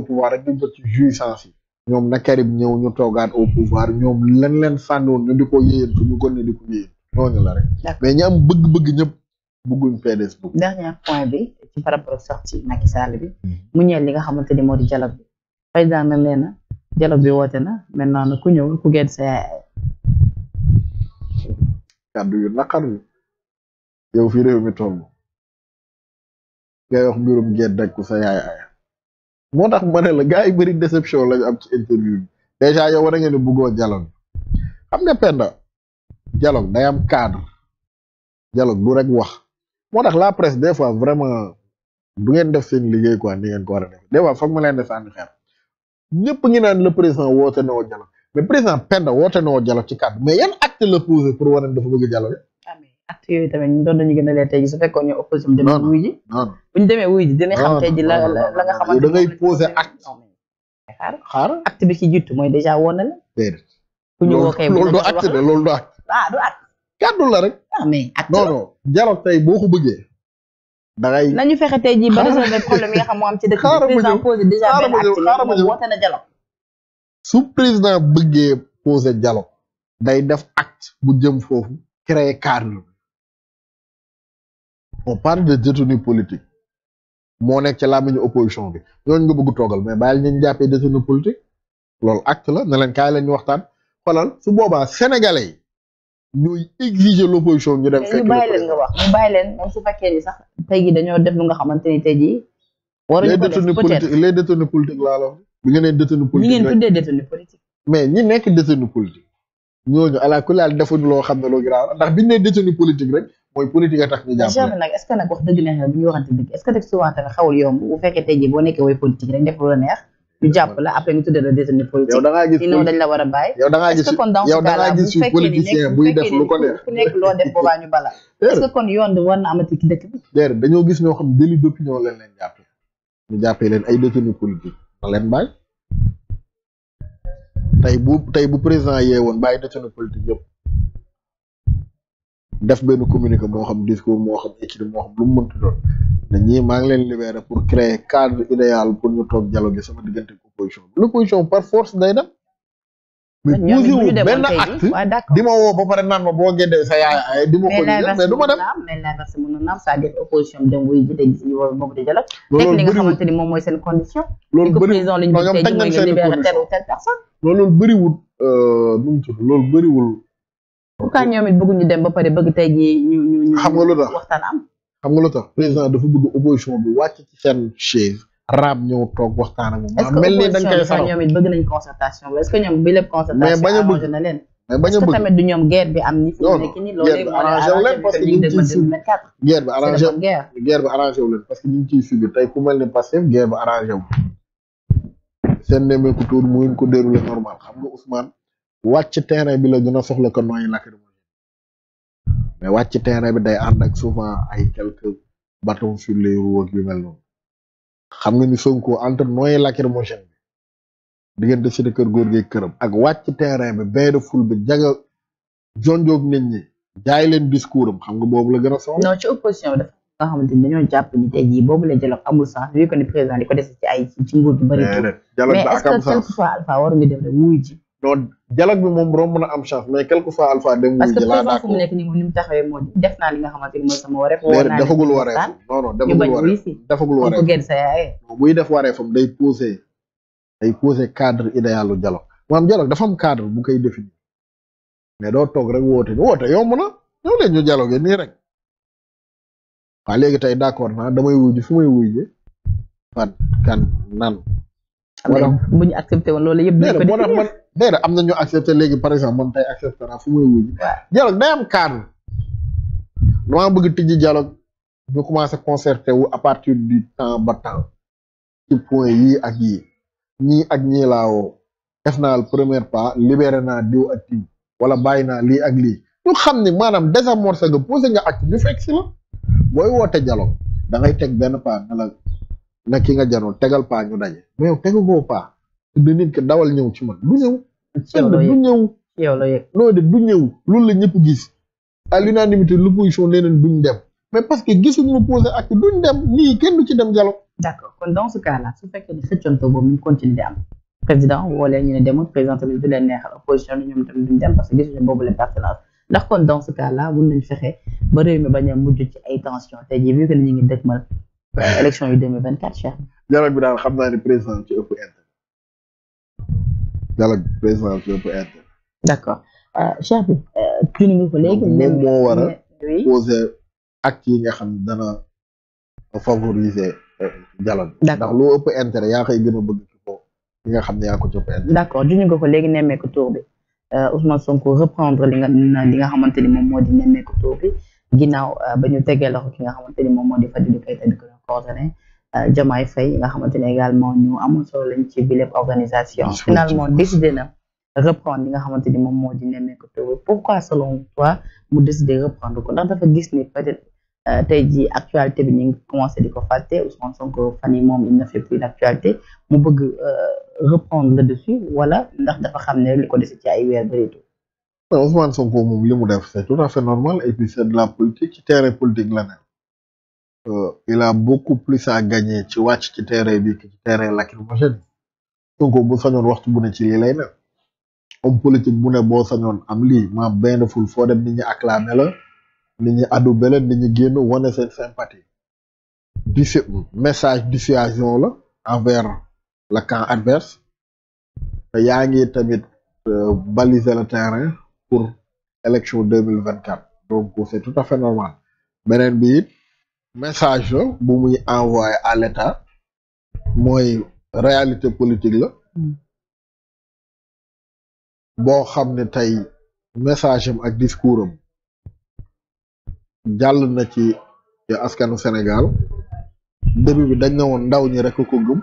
au pouvoir rek dañ jot yi ñoom na Karim ñëw ñu toogaat au pouvoir ñoom lan leen sànnoon ñu di ko yéyantu ñu kon ne di ko mais ñi bëgg-bëgg ñëpp bëgguñ PDS bëgg dernier point bi hmm. mu ñeel li nga xamante ni moo di dialogue bi président na nee na dialogue bi woote na ku ñëw ku gën sa yaay kàddu yu naqar yu yow fi réew mi toll ngay wax mbirum gedd ak sa yaay aya moo tax ma ne la gars yi bëri déception lañu am ci interview bi déjà yow war ngeen ni bëggoo dialogue xam nga Penda jaloog day am cadre dialogue du rek wax moo tax la presse des fois vraiment ngeen def seen liggéey quoi ni ngeen ko war a def des fois foog ma leen def sànni xeer ñëpp ngi naan le président woote na woo dialogue mais président Penda woote na woo dialogue ci cadre mais yan acte la posé pour wane dafa bëgg dialogue acte yooyu tamit doon nañu a leer tey ji su fekkoon ne opposition demee wuy ji buñu demee wuy ji dina xam tey ji la la nga xamante da ngay posé acte xaar xaar acte bi ki jiitu mooy déjà woon na la déedéet ku ñu woo kay loolu ah, la rek ah mais acte non non boo ko bëggee da nañu fexe tey ji ba résolver problème yi nga xam ci dëkk bi président posé déjà benn acte moom bëggee posé dialogue day def acte bu jëm foofu créer cadre on parle de détenu politique moo nekk ci làmmiñu opposition bi ñooñu nga bëgg toogal mais bàyyil ñu jàppee détenu politique loolu acte la ne leen kaay la ñu waxtaan xoolal su boobaa sénégalais yi. ñuy exiger l'opposition ñu dem. ñu bàyyi leen su fekkee ni sax tey jii dañoo nga xamante ni tey jii. waruñu ko def peut-être les détenus politiques laa la wax. bi ngeen détenu politique ñu ngeen tuddee détenu politique. mais ñi nekk détenu politique ñooñu ala kulli defuñu loo xam ne loo grave ndax biñ nee détenu politique rek mooy politique a tax ñu jàpp jamais nag est ce que nag wax dëgg neex bu ñu waxante dëgg est ce que nag souvent neex ñu jàpp la après ñu tuddee da ngaa gis dañ buy def lu ko neex ku ñu bala est ce que kon yoon war na amati ci dëkk bi déedéet dañoo gis ñoo xam délit d'opinion leen leen jàppee leen ay détenu politique na leen bàyyi tey bu tey bu président yee woon bàyyi détenu politique yëpp def benn communiqué moo xam discours moo xam écrit moo xam lu mu mënti doon ne ñii maa ngi leen libéré pour créer cadre idéal pour ñu toog dialogue sama diggante opposition bi l'opposition par force day dem mais posé wu benn di ma woo ba pare boo génnee sa ay di ma ko dem mais l'inverse mën na naam c'est-à-dire opposition dem xamante ni moom mooy seen condition loolu président lañ ñu tey mooy nga loolu bëriwul euh, pourquoi ñoom it ñu dem ba pare bëgg tey jii ñu ñu ñu. xam nga lu tax waxtaan am. xam nga lu tax président dafa bëgg opposition bi wàcc ci seen chaise. raam ñëw toog waxtaan a moom. maanaam mel ni da nga koy sax ñoom it nañ concertation mais est-ce que ñoom bi lépp concertation. mais bañ a bëgg na leen. ñoom guerre bi am. ni fi nekk nii loolu léegi moo arrangé leen parce que ñu ngi ciy subi guerre bi leen parce que ñu ngi ciy subi tey ku mel ni Pastef guerre bi arrangé normal xam nga Ousmane wàcc terrain bi la gën a soxla ko nooy lacrymogène mais wàcc terrain bi day ànd ak souvent ay quelques bâtons sur les roues ak yu mel noonu xam nga ni Sonko entre nooy lacrymogène bi diggante si kër góor gi këram ak wàcc terrain bi bain de foule bi jaga jonjoog nit ñi jaay leen discours am xam nga boobu la gën a soxla. non ci opposition bi nga xamante ni dañoo jàpp ni tey jii boobu la dialogue amul sens vu que ni président di ko dese ci ay ci nguur gi bëri. mais est-ce que quelque donc dialogue bi moom romb na am chance mais quelque fois alpha dem parce que président fu mu nekk nii moom ni mu taxawee moo def naa li nga xamante ni mooy sama wareef day poser day poser cadre idéalu dialogue maanaam dialogue dafa bu koy doo toog rek woote woote yomb na ñoo leen ñu dialogue nii rek waa léegi tey d'accord naa damay wuyu ji fu may wuyu ji kan nan wala bu ñu accepté woon loolu yëpp. léegi moo tax man léegi am na ñu accepté léegi par exemple man tey accepté naa fu muy wuyu. waaw dialogue day am cadre. damaa bëgg tijji dialogue ñu commencé concerté wu à partir du temps ba temps. ci point yii ak yii ñii ak ñii laa woo def naa le premier pas libéré naa diw ak diw wala bàyyi naa lii ak lii ñu xam ni maanaam désamorcé nga posé nga acte ñu fekk si la booy woote dialogue da ngay teg benn pas ne la na ki nga janoon tegal paa ñu daje mais yow tegagoo paa di dawal ñëw ci man du ñëw sedd du ñëw la yëg noo de du ñëw loolu la ñëpp gis à l'unanimité l'opposition leneen duñ dem mais parce que gisuñu ma posé ak duñ dem nii kenn du ci dem jalo d'accord kon dans su fekkee ni xëccanto boobu ñu continue di am président woolee ñu leen neexal opposition ni ñoom tamit duñ dem parce que gisuñu boobu leen pertinence ndax kon dans ce cas là mun nañ fexe ba réew mi bañ a mujj ci ay tension tey jii vu que ni ñu ngi waaye élection yi 2024 Cheikh. dialogue bi daal xam naa ne président ci ëpp intérêt dialogue bi président ci ëpp intérêt. d' accord euh, Cheikh bi. Euh, tuuti nga ko léegi. moom moo war a posé acte yi nga xam dana favoriser euh, dialogue bi. ndax lu ëpp intérêt yaa koy gën a bëgg ci ko yi nga xam ne yaa ko ci ëpp intérêt. d' accord tuuti nga ko léegi nemmeeku tour bi Ousmane Sonko reprendre li nga li nga xamante ni moom moo di nemmeeku tour bi ginnaaw ba ñu tegee loxo ki nga xamante ni moom moo di Fadilou Keita di ko. coordonné euh, Diomaye Faye nga xamante ne également ñu amul solo lañ ci biléb organisation finalement décidé na reprendre li nga xamante ni moom moo di nemmeeku toogu pourquoi selon toi mu décidé reprendre ko ndax dafa gis ni peut euh, tey jii actualité bi ñu ngi commencé di ko fàtte Ousmane Sonko fan yi plus d'actualité mu bëgg euh, reprendre le dessus wala ndax dafa xam ne li ko dese ci ay weer bëri tout. Ousmane Sonko moom li mu def c'est tout à fait normal et la politique Euh, il a beaucoup plus à gagner ci wàcc ci terrain bi que ci terrain lacrymogène bu sañoon waxtu bu ne ci lii lay ne politique bu ne boo sañoon am lii ma benn ful dem nit ñi acclamé la nit ñi addu bele ni ñi génn wone seen sympathie di message dissuasion la envers la camp adverse te yaa ngi tamit euh, baliser le terrain pour élection deux mille vingt quatre donc c'est tout à fait normal beneen bi message la bu muy envoyé à mooy réalité politique la hmm. boo xam ne tey message am ak discours am jàll na ci askanu Sénégal début bi dañ na woon ndaw ñi rek ko gëm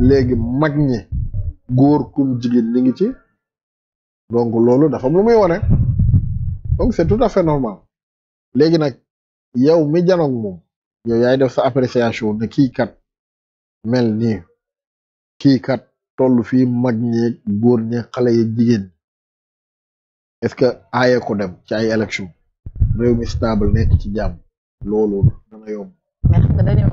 léegi mag ñi góor kum jigéen ñi ngi ci donc loolu dafa am lu muy wane donc c'est tout à fait normal léegi nag yow mi janoog moom yow yaay def appréciation ne kii kat mel nii kii kat toll fii mag ñeeg góor ñeeg xale yeeg jigéen est-ce que aaye dem ci ay élection réew stable nekk ci jàmm loolu dana yomb. mais xam nga dañu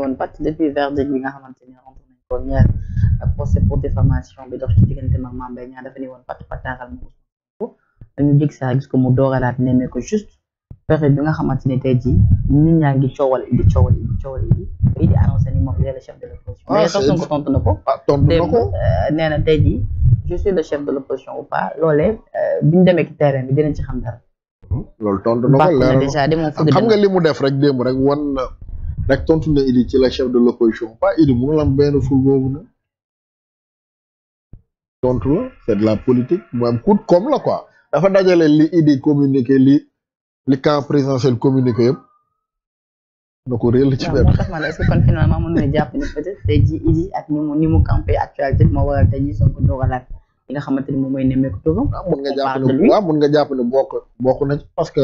woon depuis verdict bi nga xamante ni rendu nañ ko ñaar procès pour diffamation bi dox ci diggante mag Mame Mbaye Niang dafa juste. fexe bi nga xamante ne tey jii ñun ñaa ngi coowal Idy coowal Idy coowal Idy te Idy annoncé ni moom il est le chef de l'opposition ah, mais sax Sonko tontu ko tontu na ko ah, euh, nee na tey jii je le chef de l'opposition ou pas loolee euh, bi bi dinañ ci xam hmm, loolu tontu na ko leer de moom xam nga li mu def rek démb rek wan na rek tontu na ci la chef de lam benn ful na tontu la c'est de la politique moom coûte comme la quoi dafa dajale li Idy communiqué li li camp présidentiel communiqué yëpp na ko réel ci benn. waaw moo tax ma ne est-ce que kon finalement mën nañu jàpp ne peut-être tey jii Idi ak ni moo dogalaat li nga xamante ni moom mooy nemmeeku turam. Ah, mun nga bokk bokk na ci parce que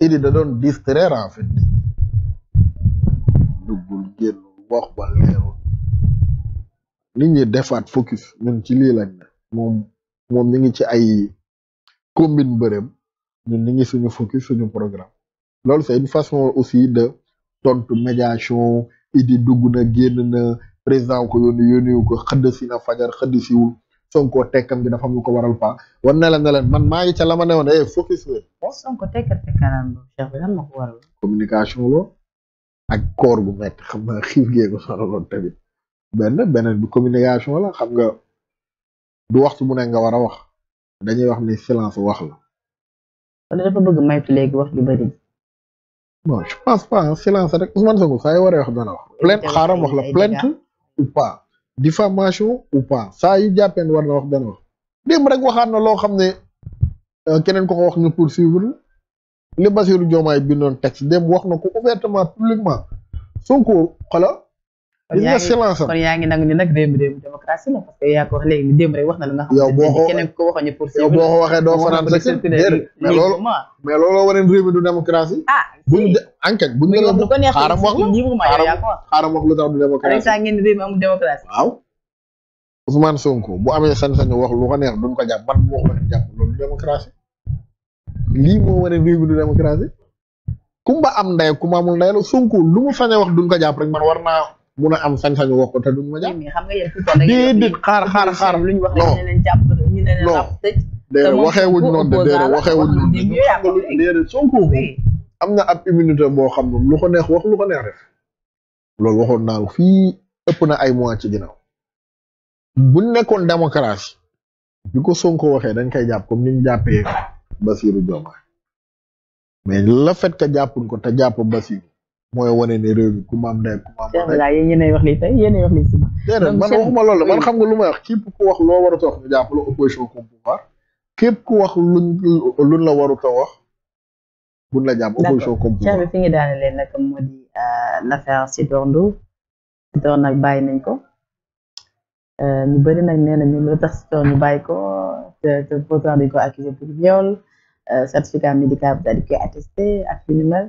Idi da doon distraire en fait. duggul génn wax ba leerul nit ñi defaat focus ñun ci lii lañ ne mi ngi ci ay combine bërëm ñun ñu ngi suñu focus suñu programme loolu c'est une façon aussi de tontu médiation idi dugg na génn na président ko yónni yónniwu ko xëdd si na fajar xëdd siwul Sonko tekkam gi dafa am lu ko waral pa war na leen ne leen man maa ngi ca la ma ne woon eh focus leen. Sonko tekkam tekkalaan boobu Cheikh bi lan ko waral. ak koor bu métti xam nga xiif gee ko sonaloon tamit benn beneen bi communication la xam nga du waxtu mu nekk nga war a wax dañuy wax ni silence wax la. wala dafa bëgg wax ju bëri bon je pense pas silence rek Ousmane Sonko saa yi waree wax dana wax plainte xaaram wax la plainte ou pas diffamation ou pas saa yi jàppeen war na wax dana wax démb rek waxaat na loo xam ne euh, keneen ko ko wax ñu poursuivre li Bassirou Diomaye bindoon texte démb wax na ko ouvertement publiquement Sonko xala gis nga silence yaa ngi nangu ni nag réew mi réew mi wax léegi démb na lu nga xam yow boo ko waxee doo fanaan sa kër mais loolu mais looloo waneen réew du démocratie ah wax la xaaram wax lu tax du démocratie ngeen réew mi amul démocratie waaw Ousmane Sonko bu wax lu ko neex duñ jàpp man moo ko jàpp loolu démocratie lii moo waneen réew mi du démocratie kumba am ndey kumba amul ndey la Sonko lu mu a wax duñ ko jàpp rek man war mun a am sañ-sañu wax ko te duñ ma jàpp. déedéet xaar xaar xaar non non déedéet waxee wuñ noonu de déedéet waxee wuñ noonu de am na ab immunité boo xam ne lu ko neex wax lu ko neex def loolu waxoon naa fii ëpp na ay mois ci ginnaaw bu nekkoon démocratie bi ko Sonko waxee dañ koy jàpp comme ni ñu jàppee Basirou Diomaye mais la fait que jàppuñ ko te jàpp Basirou. mooy wane ne réew mi ku ma am ndey ku ma am ndey yéenay wax lii tey yéenay wax lii suba déedéet man waxuma loolu man xam nga lu may wax képp ku wax loo warut a wax ñu jàppale opposition comme pouvoir képp ku wax luñ luñ la warut a wax buñ la jàpp opposition comme pouvoir bi fi ñu daanelee nag moo di euh, l'affaire Sitor Ndour Sitor nag bàyyi nañ ko euh, ñu bëri nag nee na ñu lu tax Sitor ñu bàyyi ko te te pourtant dañ ko accusé pour viol euh, certificat médical bi daal di koy attesté ak yu ni mel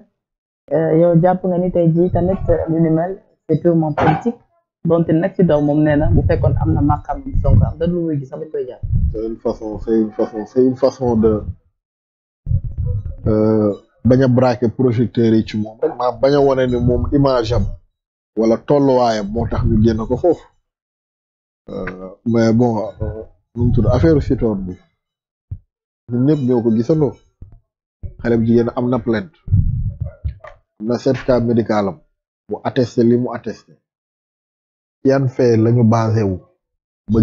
Euh, yow jàpp nga ni tey jii tamit lu ni mel c'est purement politique donte nag ci daw moom nee na bu fekkoon am na maqam Sonko am da lu muy gis amañ koy jàpp c'est une façon c'est une façon c'est euh, yi ci moom rek maa image am wala tolluwaayam moo tax ñu génn ko foofu euh, mais bon nu mu tudd affaire Sitor bi ñun ñëpp ñoo ko gisandoo xale bu am na na certificat médical am mu attesté li mu attesté yan fee la ñu ba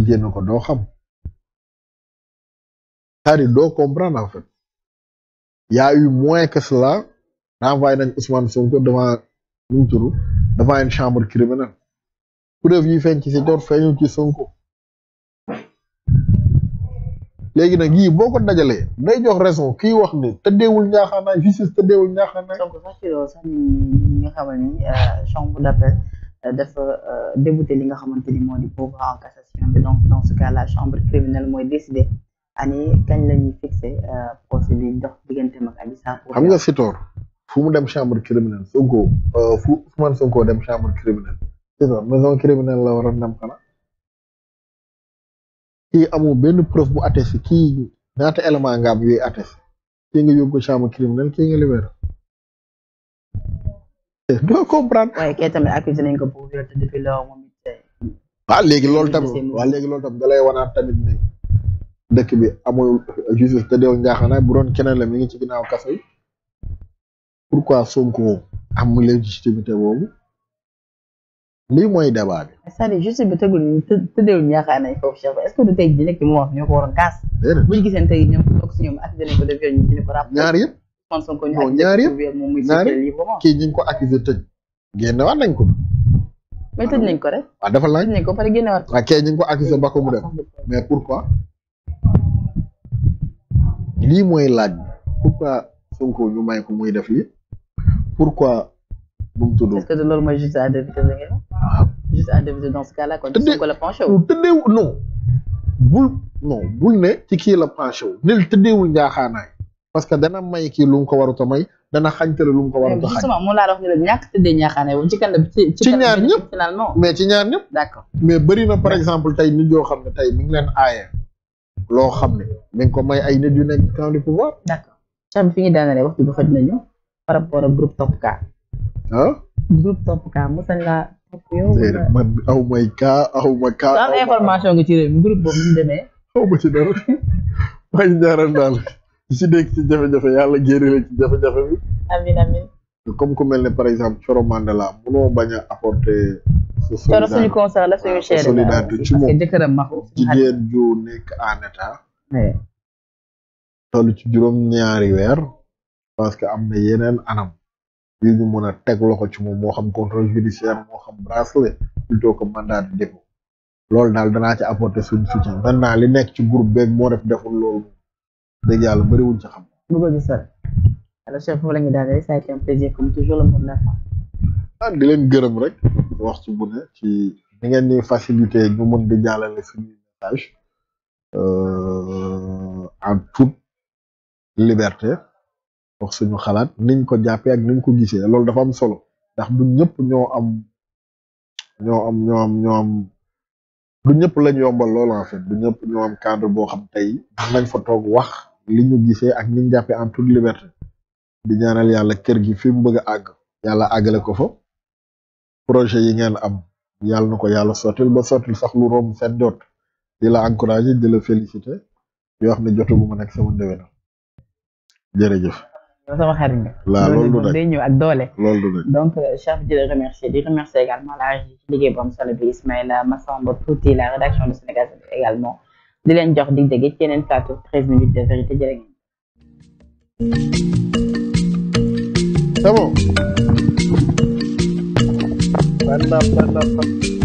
génn ko doo xam cest à doo comprendre en fait y eu moins que cela renvoyé nañ Ousmane Sonko devant nu mu tudd devant chambre criminelle preuve yi feeñ ci si léegi nag yii boo ko dajalee day jox raison kii wax ne tëddeewul ñaaxaanaay justice tëddeewul ñaaxaanaay. donc sax ci loolu sax ñi nga xam ni euh, chambre d'appel euh, dafa euh, débouté li nga xamante ni moo di pourvoi en cassation bi donc dans ce cas la chambre criminelle mooy décidé ani kañ la ñuy fixé procès bi dox digganteem ak Adji Sarr. xam nga Sitor fu mu dem chambre criminelle Sonko fu Ousmane Sonko dem chambre criminelle Sitor maison criminelle la war a dem kii amul benn preuve bu attesté kii ñaata élément nga am yooyu attesté kii nga yóbbu chambre criminelle kii nga libéré doo comprendre. waaye kay tamit accusé nañ ko pour viol te depuis léegi loolu tamit waaw léegi loolu tamit da lay wanaat tamit ne dëkk bi amul justice te deew njaaxanaay bu doon keneen la mi ngi ci ginnaaw kaso yi pourquoi Sonko amul légitimité boobu. lii mooy débat bi. c'est-à-dire juste bi tëggul ñu tëddeewul ñaaxaan nañ foofu est-ce que du tey jii nekk ñoo ko waroon kaas. déedéet bu ñu gisee tey ñoom toog si ñoom accusé nañ ko ko ràpp. ñaar yëpp moom Sonko moom muy kii ñu ngi nañ ko. mais nañ ko rek. Ah, dafa laaj tëj ko pare génnewaat. waaw ah, ko accusé ba ko mu dem mais pourquoi. lii mooy laaj bi pourquoi ñu may pourquoi bu mu tudd. est-ce que loolu justice à débuter dans ce cas la penché wu tëddeewu non. bul ne ci kii la penché wu nil tëddeewul njaaxaanaay parce que dana may kii lu mu ko waruta may dana xañtale lu mu ko waruta xañ justement moom laa wax ne la ñàkk tëddee njaaxaanaay ci kan la ci ñaar ñëpp finalement mais ci ñaar ñëpp mais bëri par exemple tey nit yoo xam ne tey mi ngi leen aaye loo xam ne mi ko may ay nit yu nekk camp du pouvoir d'accord cam fi ñu daanalee waxtu bi xoj nañu par rapport ak groupe Topka ah groupe Topka laa man aw may kaa aw ma kaa am information nga ci réew mi ci dara maa ngi ñaanal daal si nekk ci jafe-jafe yàlla génne la ci jafe-jafe bi amin amin comme ku mel ne par exemple Coro Mandela munoo bañ a apporter Coro suñu ci moom jëkkëram maxu ju nekk en état toll ci juróom ñaari weer parce que am na yeneen anam li ñu mën a teg loxo ci moom moo xam contrôle judiciaire moo xam bracelet plutôt que mandat de dépôt loolu daal danaa ci apporter suñu soutien maintenant li nekk ci groupe beeg moo def deful loolu dëgg yàlla bëriwuñ ci xam. bu ko gisal alors chef foofu la ñuy a été un plaisir ah, di leen gërëm rek wax ci ne ci ni ngeen di facilité ñu mën di jàllale suñuy message euh, en toute liberté. wax suñu xalaat niñ ko jàppee ak niñ ko gisee loolu dafa am solo ndax du ñëpp ñoo am ñoo am ñoo am ñoo ñëpp lañ yombal loolu en fait du ñëpp ñoo am cadre boo xam tey nañ fo toog wax li ñu gisee ak niñ jàppee en toute liberté di ñaanal yàlla kër gi fi mu bëgg a àgg yàlla àggale ko fa projet yi ngeen am yàlla na ko yàlla sottil ba sottil sax lu romb set jot di la encourager di la yoo xam ne jotaguma nekk sama ndewénal jërëjëf sama xarit nga. waaw loolu du day ñëw ak doole. loolu du dëgg donc euh, chef di la remercier di remercier la régie ci liggéey bi Ismaïla Massamba la rédaction de Sénégal également di leen jox di dégg ci yeneen plateau 13 minutes vérité jërë ngeen. c'est